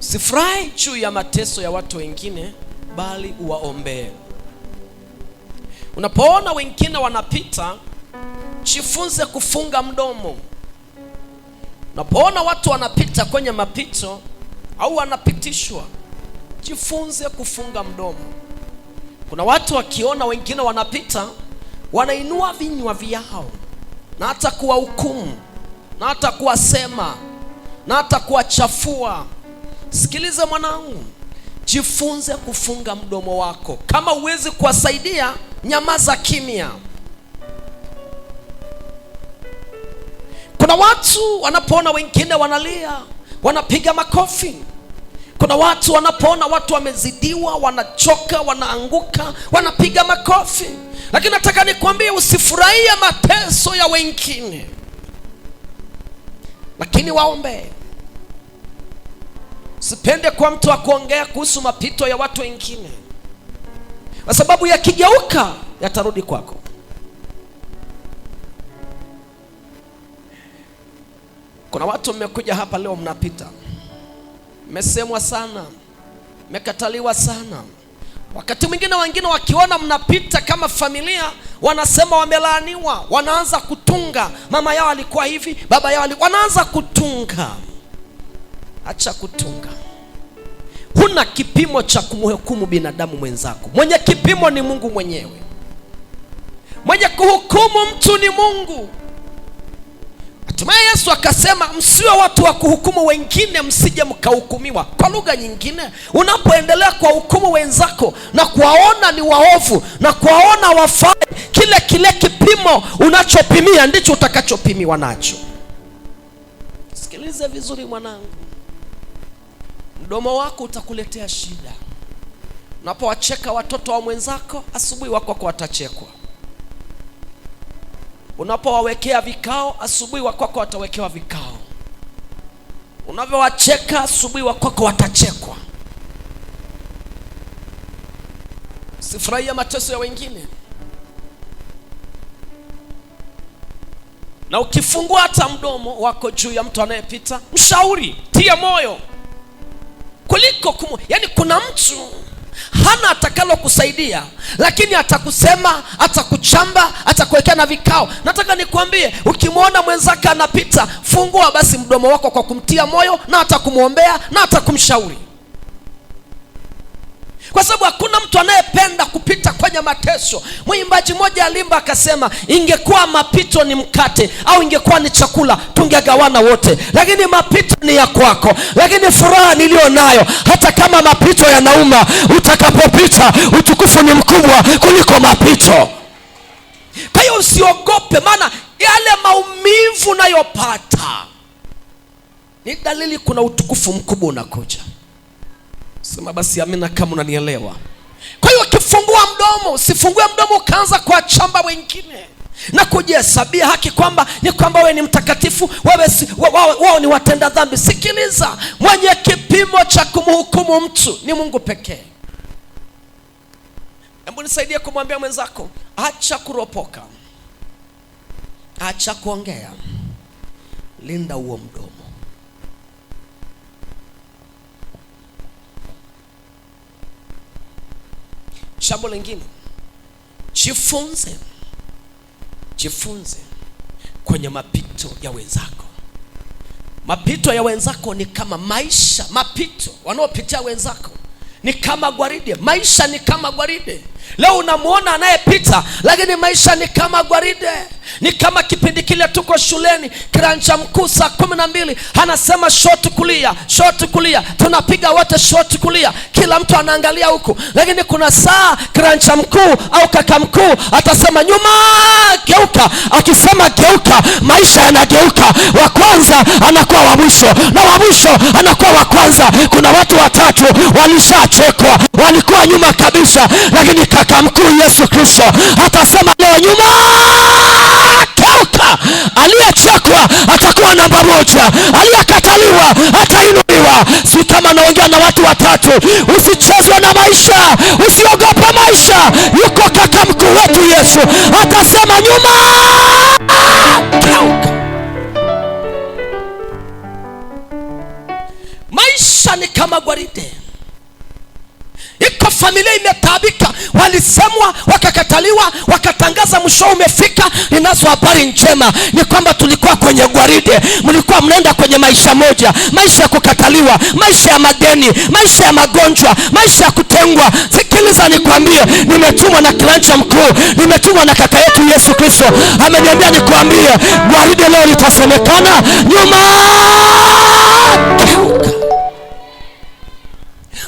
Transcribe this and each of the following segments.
Sifurahi juu ya mateso ya watu wengine, bali uwaombee. Unapoona wengine wanapita, jifunze kufunga mdomo. Unapoona watu wanapita kwenye mapito au wanapitishwa, jifunze kufunga mdomo. Kuna watu wakiona wengine wanapita, wanainua vinywa vyao na hata kuwahukumu na hata kuwasema na hata kuwachafua sikiliza mwanangu, jifunze kufunga mdomo wako. Kama huwezi kuwasaidia, nyamaza kimya. Kuna watu wanapoona wengine wanalia, wanapiga makofi. Kuna watu wanapoona watu wamezidiwa, wanachoka, wanaanguka, wanapiga makofi. Lakini nataka nikwambie, usifurahie mateso ya wengine, lakini waombee Sipende kwa mtu wa kuongea kuhusu mapito ya watu wengine, kwa sababu yakigeuka yatarudi kwako. Kuna watu mmekuja hapa leo, mnapita, mmesemwa sana, mmekataliwa sana. Wakati mwingine wengine wakiona mnapita kama familia, wanasema wamelaaniwa, wanaanza kutunga, mama yao alikuwa hivi, baba yao alikuwa, wanaanza kutunga acha kutunga. Huna kipimo cha kumhukumu binadamu mwenzako, mwenye kipimo ni Mungu mwenyewe. Mwenye kuhukumu mtu ni Mungu. Hatimaye Yesu akasema, msiwe watu wa kuhukumu wengine, msije mkahukumiwa. Kwa lugha nyingine, unapoendelea kuwahukumu wenzako na kuwaona ni waovu na kuwaona wafai, kile kile kipimo unachopimia ndicho utakachopimiwa nacho. Sikilize vizuri mwanangu mdomo wako utakuletea shida. Unapowacheka watoto wa mwenzako, asubuhi wako watachekwa. Unapowawekea vikao, asubuhi wakwako watawekewa vikao. Unavyowacheka asubuhi, wakwako watachekwa. Sifurahia mateso ya wengine, na ukifungua hata mdomo wako juu ya mtu anayepita, mshauri, tia moyo kuliko kumu, yani kuna mtu hana atakalo kusaidia lakini atakusema, atakuchamba, atakuwekea na vikao. Nataka nikwambie, ukimwona mwenzake anapita, fungua basi mdomo wako kwa kumtia moyo na atakumwombea na atakumshauri kwa sababu hakuna mtu anayependa kupita kwenye mateso. Mwimbaji mmoja alimba akasema, ingekuwa mapito ni mkate au ingekuwa ni chakula tungegawana wote, lakini mapito ni ya kwako, lakini furaha niliyo nayo, hata kama mapito yanauma, utakapopita utukufu ni mkubwa kuliko mapito. Kwa hiyo usiogope, maana yale maumivu unayopata ni dalili kuna utukufu mkubwa unakuja. Sema basi amina kama unanielewa. Kwa hiyo ukifungua mdomo, usifungue mdomo ukaanza kuwachamba wengine na kujihesabia haki kwamba ni kwamba wewe ni mtakatifu, wewe si, wao, ni watenda dhambi. Sikiliza, mwenye kipimo cha kumhukumu mtu ni Mungu pekee. Hebu nisaidie kumwambia mwenzako, acha kuropoka, acha kuongea, linda huo mdomo. Jambo lingine, jifunze, jifunze kwenye mapito ya wenzako. Mapito ya wenzako ni kama maisha, mapito wanaopitia wenzako ni kama gwaride. Maisha ni kama gwaride. Leo unamwona anayepita, lakini maisha ni kama gwaride, ni kama kipindi kile tuko shuleni kiranja mkuu saa kumi na mbili anasema shoti kulia, shoti kulia, tunapiga wote shoti kulia, kila mtu anaangalia huku, lakini kuna saa kiranja mkuu au kaka mkuu atasema nyuma, geuka. Akisema geuka, maisha yanageuka, wa kwanza anakuwa wa mwisho na wa mwisho anakuwa wa kwanza. Kuna watu watatu walishachekwa, walikuwa nyuma kabisa, lakini kaka mkuu Yesu Kristo atasema leo, nyuma toka. Aliyechekwa atakuwa namba moja, aliyekataliwa atainuliwa. Si kama naongea na watu watatu, usichezwe na maisha, usiogope maisha. Yuko kaka mkuu wetu Yesu atasema nyuma toka. Maisha ni kama gwaride Iko familia imetaabika, walisemwa wakakataliwa, wakatangaza mshoo umefika. Ninazo habari njema, ni kwamba tulikuwa kwenye gwaride, mlikuwa mnaenda kwenye maisha moja, maisha ya kukataliwa, maisha ya madeni, maisha ya magonjwa, maisha ya kutengwa. Sikiliza nikwambie, nimetumwa na kilancha mkuu, nimetumwa na kaka yetu Yesu Kristo. Ameniambia nikwambie, gwaride leo litasemekana nyuma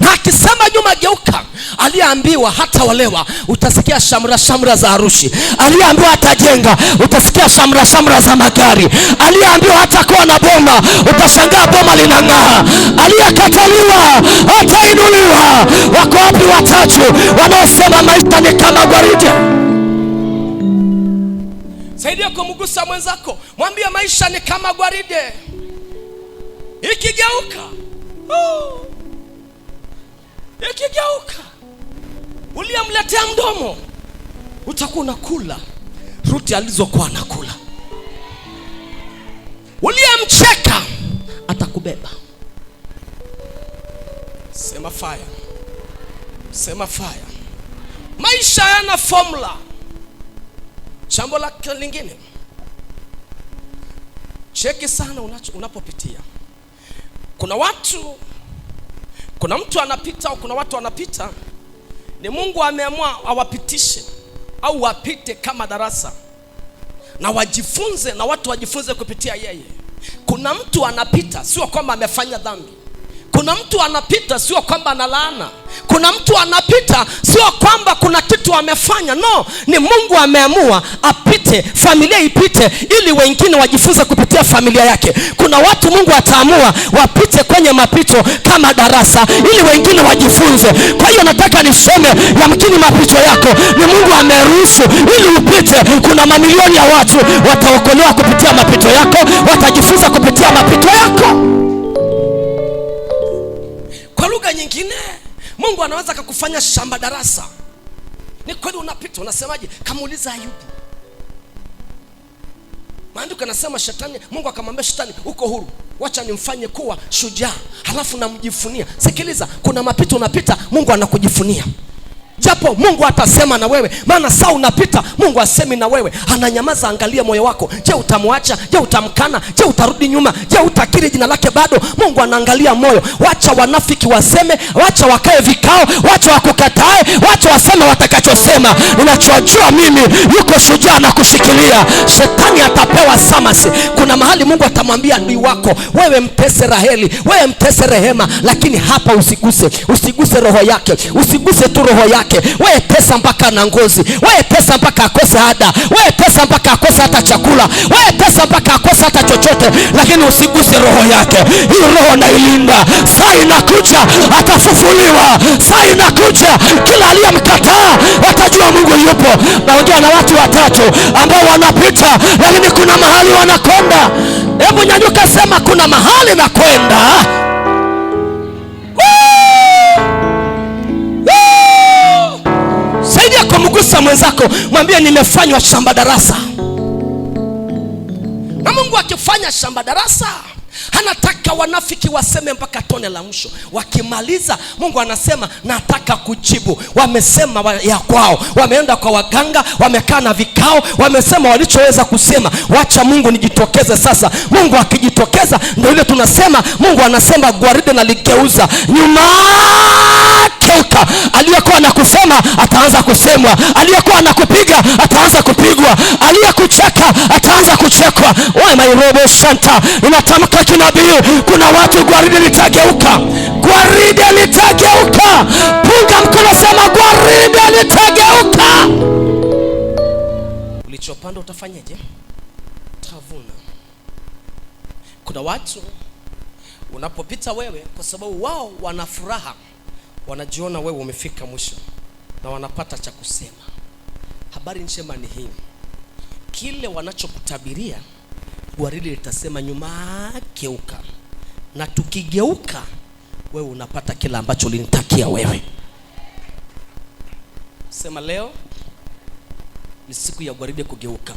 na akisema nyuma geuka, aliyeambiwa hata walewa utasikia shamra shamra za arushi aliyeambiwa atajenga utasikia shamra shamra za magari, aliyeambiwa hata kuwa na boma utashangaa boma linang'aa, aliyekataliwa atainuliwa. Wako wapi watatu wanaosema maisha ni kama gwaride? Saidia kumgusa mwenzako, mwambie maisha ni kama gwaride ikigeuka. Oh ikigeuka uliyemletea mdomo utakuwa unakula ruti alizokuwa anakula. Uliyemcheka atakubeba. Sema fire, sema fire. Maisha yana formula. Jambo la lingine, cheki sana unapopitia. Kuna watu kuna mtu anapita au kuna watu wanapita, ni Mungu ameamua awapitishe au wapite kama darasa na wajifunze, na watu wajifunze kupitia yeye. Kuna mtu anapita, sio kwamba amefanya dhambi. Kuna mtu anapita, sio kwamba analaana. Kuna mtu anapita, sio kwamba kuna mtu amefanya no ni mungu ameamua apite familia ipite ili wengine wajifunze kupitia familia yake kuna watu mungu ataamua wapite kwenye mapito kama darasa ili wengine wajifunze kwa hiyo nataka niseme yamkini mapito yako ni mungu ameruhusu ili upite kuna mamilioni ya watu wataokolewa kupitia mapito yako watajifunza kupitia mapito yako kwa lugha nyingine mungu anaweza kakufanya shamba darasa ni kweli unapita, unasemaje? Kamuuliza Ayubu, maandiko anasema shetani, Mungu akamwambia shetani, uko huru, wacha nimfanye kuwa shujaa, halafu namjifunia. Sikiliza, kuna mapito unapita, Mungu anakujifunia japo Mungu atasema na wewe, maana saa unapita, Mungu asemi na wewe, ananyamaza. Angalia moyo wako. Je, utamwacha? Je, utamkana? Je, utarudi nyuma? Je, utakiri jina lake? Bado Mungu anaangalia moyo. Wacha wanafiki waseme, wacha wakae vikao, wacha wakukatae, wacha waseme watakachosema. Ninachojua mimi, yuko shujaa na kushikilia. Shetani atapewa samasi. Kuna mahali Mungu atamwambia adui wako, wewe mtese Raheli, wewe mtese Rehema, lakini hapa usiguse, usiguse roho yake, usiguse tu roho yake wake, wewe pesa mpaka na ngozi, wewe pesa mpaka akose ada, wewe pesa mpaka akose hata chakula, wewe pesa mpaka akose hata chochote, lakini usiguse roho yake. Hiyo roho nailinda. Saa inakuja atafufuliwa, saa inakuja kila aliyemkataa watajua Mungu yupo. Naongea na watu watatu ambao wanapita, lakini kuna mahali wanakwenda. Hebu nyanyuka, sema kuna mahali nakwenda. Gusa mwenzako, mwambie nimefanywa shamba darasa, na Mungu akifanya shamba darasa Hanataka wanafiki waseme mpaka tone la mwisho. Wakimaliza, Mungu anasema nataka kujibu. Wamesema ya kwao, wameenda kwa waganga, wamekaa na vikao, wamesema walichoweza kusema. Wacha Mungu nijitokeze sasa. Mungu akijitokeza, ndio ile tunasema Mungu anasema gwaride naligeuza nyuma keuka. Aliyekuwa anakusema ataanza kusemwa, aliyekuwa anakupiga ataanza kupigwa, aliyekucheka ataanza kuchekwa. Wewe mairobo santa inatamka kinabii, kuna watu gwaride litageuka, gwaride litageuka. Punga mkono, sema gwaride litageuka. Ulichopanda utafanyaje? Utavuna. Kuna watu unapopita wewe, kwa sababu wao wana furaha, wanajiona wewe umefika mwisho na wanapata cha kusema. Habari njema ni hii, kile wanachokutabiria gwaridi litasema nyuma, keuka, Na tukigeuka, wewe unapata kila ambacho ulinitakia wewe. Sema leo ni siku ya gwaride kugeuka.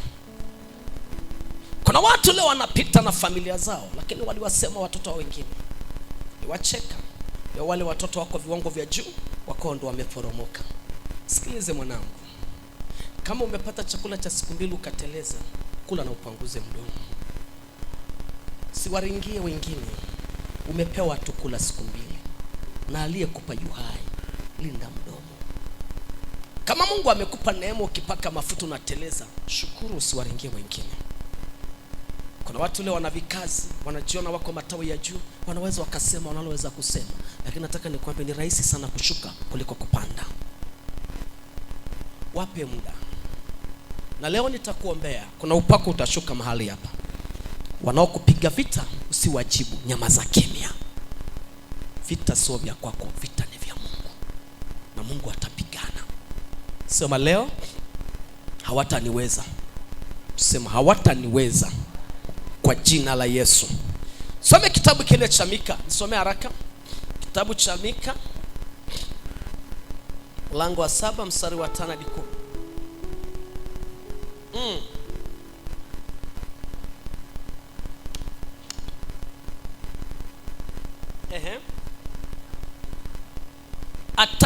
Kuna watu leo wanapita na familia zao, lakini waliwasema watoto wa wengine, niwacheka ya wale watoto wako viwango vya juu, wako ndo wameporomoka. Sikilize mwanangu, kama umepata chakula cha siku mbili ukateleza, kula na upanguze mdomo siwaringie wengine. Umepewa tu kula siku mbili, na aliyekupa yu hai, linda mdomo. Kama Mungu amekupa neema, ukipaka mafuta unateleza, shukuru, usiwaringie wengine. Kuna watu leo wana vikazi, wanajiona wako matawi ya juu, wanaweza wakasema wanaloweza kusema, lakini nataka nikwambie ni rahisi sana kushuka kuliko kupanda. Wape muda, na leo nitakuombea. Kuna upako utashuka mahali hapa Wanaokupiga vita usiwajibu, nyama za kimya. Vita sio vya kwako, vita ni vya Mungu na Mungu atapigana. Sema leo, hawataniweza. Sema hawataniweza kwa jina la Yesu. Some kitabu kile cha Mika, nisome haraka. Kitabu cha Mika mlango wa saba mstari wa tano hadi kumi. Mm.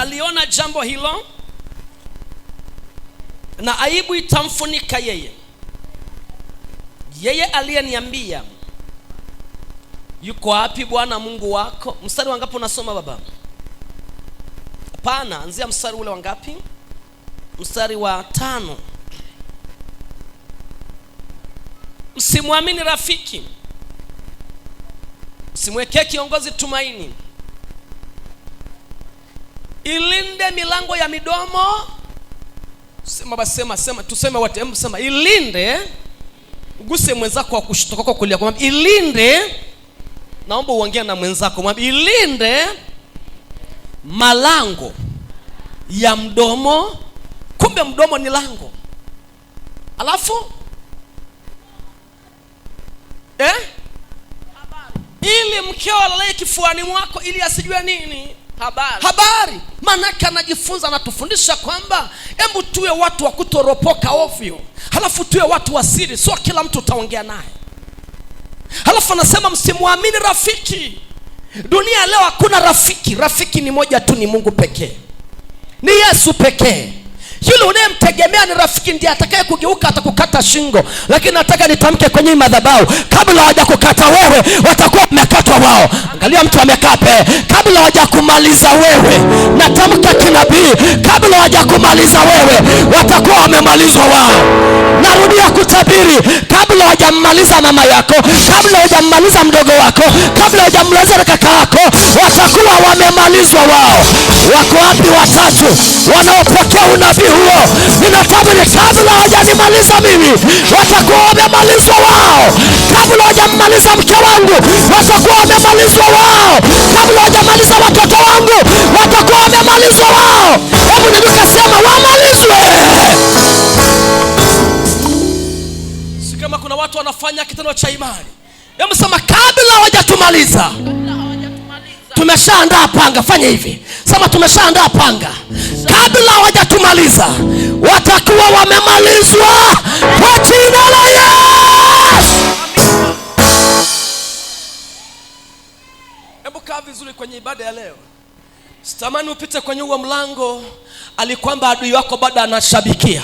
ataliona jambo hilo na aibu itamfunika yeye. Yeye aliyeniambia yuko wapi Bwana Mungu wako? Mstari wangapi unasoma baba? Hapana, anzia mstari ule wangapi? Mstari wa tano. Msimwamini rafiki, msimwekee kiongozi tumaini ilinde milango ya midomo sema basi sema tuseme wote hebu sema ilinde uguse mwenzako wa kushoto kwako kulia kwamba ilinde naomba uongee na mwenzako mwambie ilinde malango ya mdomo kumbe mdomo ni lango alafu eh? ili mkeo alalee kifuani mwako ili asijue nini habari, habari. Maanake anajifunza anatufundisha kwamba hebu tuwe watu wa kutoropoka ovyo, halafu tuwe watu wa siri, sio kila mtu utaongea naye. Halafu anasema msimwamini rafiki. Dunia leo hakuna rafiki, rafiki ni moja tu, ni Mungu pekee, ni Yesu pekee yule unayemtegemea ni rafiki ndiye atakaye kugeuka atakukata shingo lakini nataka nitamke kwenye madhabahu kabla hawajakukata wewe watakuwa wamekatwa wao angalia mtu amekape kabla hawajakumaliza wewe natamka kinabii kabla hawajakumaliza wewe watakuwa wamemalizwa wao narudia kutabiri kabla hawajammaliza mama yako kabla hawajammaliza mdogo wako kabla hawajammaliza kaka yako watakuwa wamemalizwa wao wako wapi watatu wanaopokea unabii huo. Ninatabiri kabla hawajanimaliza mimi, watakuwa wamemaliza wao. Kabla hawajamaliza mke wangu, watakuwa wamemalizwa wao. Kabla hawajamaliza watoto wangu, watakuwa wamemaliza wao. Hebu nikasema wamalizwe. Si kama kuna watu wanafanya kitendo cha imani, hebu sema kabla hawajatumaliza Tumeshaandaa panga, fanya hivi, sema tumeshaandaa panga. Kabla hawajatumaliza watakuwa wamemalizwa kwa jina la Yesu. Hebu kaa vizuri kwenye ibada ya leo. Sitamani upite kwenye huo mlango alikwamba adui wako bado anashabikia.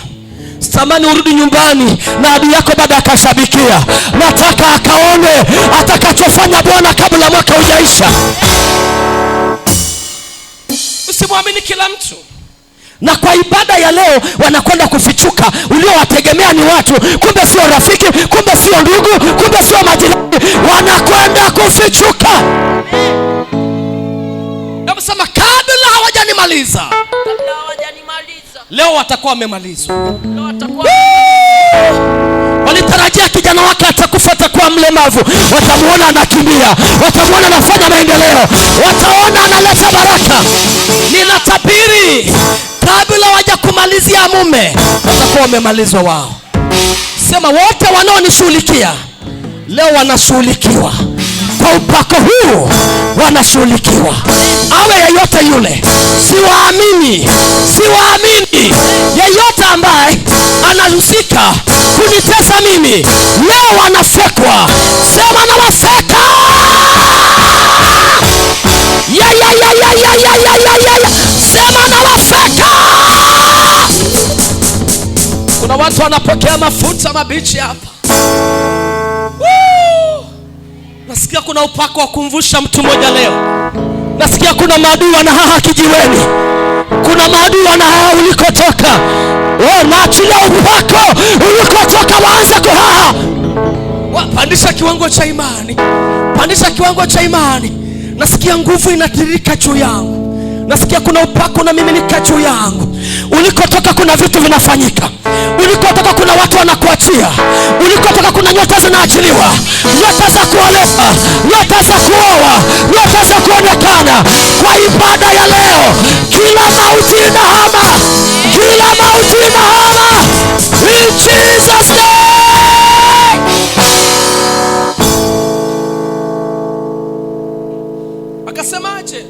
Samani urudi nyumbani na adui yako bado akashabikia. Nataka akaone atakachofanya Bwana kabla mwaka hujaisha usimwamini kila mtu na kwa ibada ya leo wanakwenda kufichuka. Uliowategemea ni watu, kumbe sio rafiki, kumbe sio ndugu, kumbe sio majirani, wanakwenda kufichuka. sema kabla hawajanimaliza, kabla hawajanimaliza. Leo watakuwa wamemalizwa. Walitarajia kijana wake atakufa, atakuwa mlemavu, watamwona anakimbia, watamwona anafanya maendeleo, wataona analeta baraka. Ninatabiri kabla wajakumalizia mume, watakuwa wamemalizwa wao. Sema wote wanaonishughulikia leo wanashughulikiwa kwa upako huu, wanashughulikiwa. Awe yeyote yule, siwaamini, siwaamini yeyote ambaye anahusika kunitesa mimi, leo wanasekwa. Sema na waseka ya, ya, ya, ya, ya, ya, ya, ya, ya. Sema na waseka. Kuna watu wanapokea mafuta mabichi hapa. Nasikia kuna upako wa kumvusha mtu mmoja leo. Nasikia kuna maadui haha kijiweni, kuna maadui wanahaha ulikotoka. Naachilia oh, upako ulikotoka, waanze kuhaha. Pandisha kiwango cha imani, pandisha kiwango cha imani. Nasikia nguvu inatiririka juu yangu, nasikia kuna upako na nika juu yangu. Ulikotoka kuna vitu vinafanyika, ulikotoka kuna watu wanakuachia, ulikotoka kuna nyota zinaachiliwa, nyota za kuolewa, nyota za kuoa, nyota za kuonekana. Kwa ibada ya leo, kila mauti inahama bila mauti mahala, in Jesus name. Akasemaje?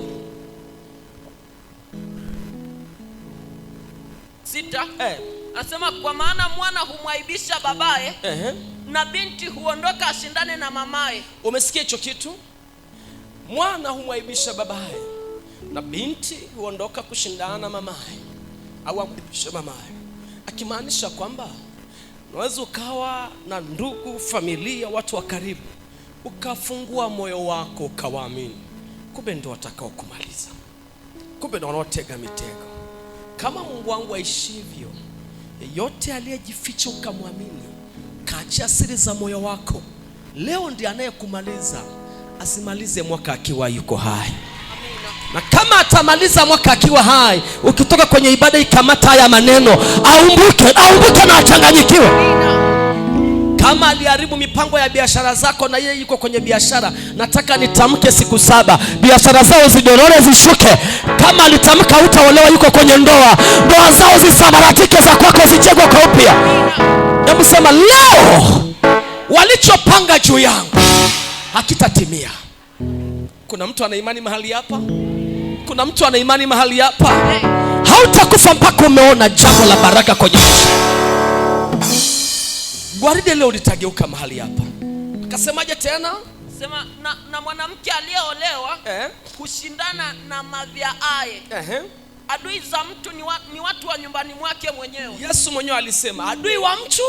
Sita, eh. Anasema kwa maana mwana humwaibisha babaye eh, na binti huondoka ashindane na mamaye. Umesikia hicho kitu? Mwana humwaibisha babaye na binti huondoka kushindana na mamaye au amlipishe mamaye, akimaanisha kwamba unaweza ukawa na ndugu, familia, watu wa karibu, ukafungua moyo wako ukawaamini, kumbe ndio watakao kumaliza, kumbe ndio wanaotega mitego. Kama Mungu wangu aishivyo, yeyote aliyejificha ukamwamini, kaachia siri za moyo wako, leo ndiye anayekumaliza, asimalize mwaka akiwa yuko hai na kama atamaliza mwaka akiwa hai, ukitoka kwenye ibada ikamata haya maneno, aumbuke, aumbuke na achanganyikiwe. Kama aliharibu mipango ya biashara zako na yeye yuko kwenye biashara, nataka nitamke siku saba biashara zao zidorore, zishuke. Kama alitamka utaolewa, yuko kwenye ndoa, ndoa zao zisambaratike, za kwako zijengwe kwa upya. Hebu sema leo, walichopanga juu yangu hakitatimia. Kuna mtu ana imani mahali hapa? kuna mtu ana imani mahali hapa, hautakufa mpaka umeona jambo la baraka kwenye maisha. Gwaride leo litageuka mahali hapa. Akasemaje tena? Sema, na, na mwanamke aliyeolewa eh, kushindana na madhia aye eh, adui za mtu ni, wa, ni watu wa nyumbani mwake mwenyewe. Yesu mwenyewe alisema adui wa mtu,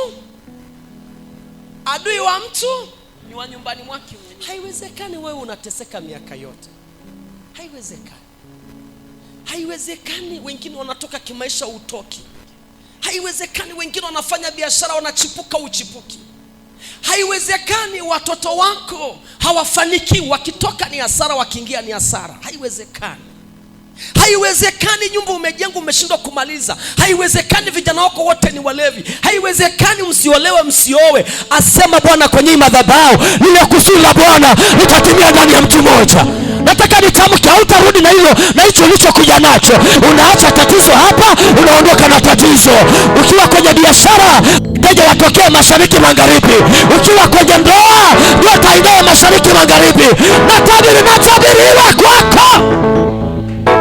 adui wa mtu ni wa nyumbani mwake mwenyewe. Haiwezekani wewe unateseka miaka yote, haiwezekani. Haiwezekani. Wengine wanatoka kimaisha, utoki. Haiwezekani. Wengine wanafanya biashara, wanachipuka, uchipuki. Haiwezekani. Watoto wako hawafanikiwi, wakitoka ni hasara, wakiingia ni hasara. Haiwezekani. Haiwezekani nyumba umejenga umeshindwa kumaliza. Haiwezekani vijana wako wote ni walevi. Haiwezekani msiolewe, msiowe. Asema Bwana kwenye madhabahu, lile kusudi la Bwana litatimia ndani ya mtu mmoja nataka nitamke, hautarudi na hilo na hicho ulichokuja nacho. Unaacha tatizo hapa, unaondoka na tatizo. Ukiwa kwenye biashara, teja watokee mashariki magharibi. Ukiwa kwenye ndoa, ndio ingawe mashariki magharibi. Natabiri, natabiriwa kwako.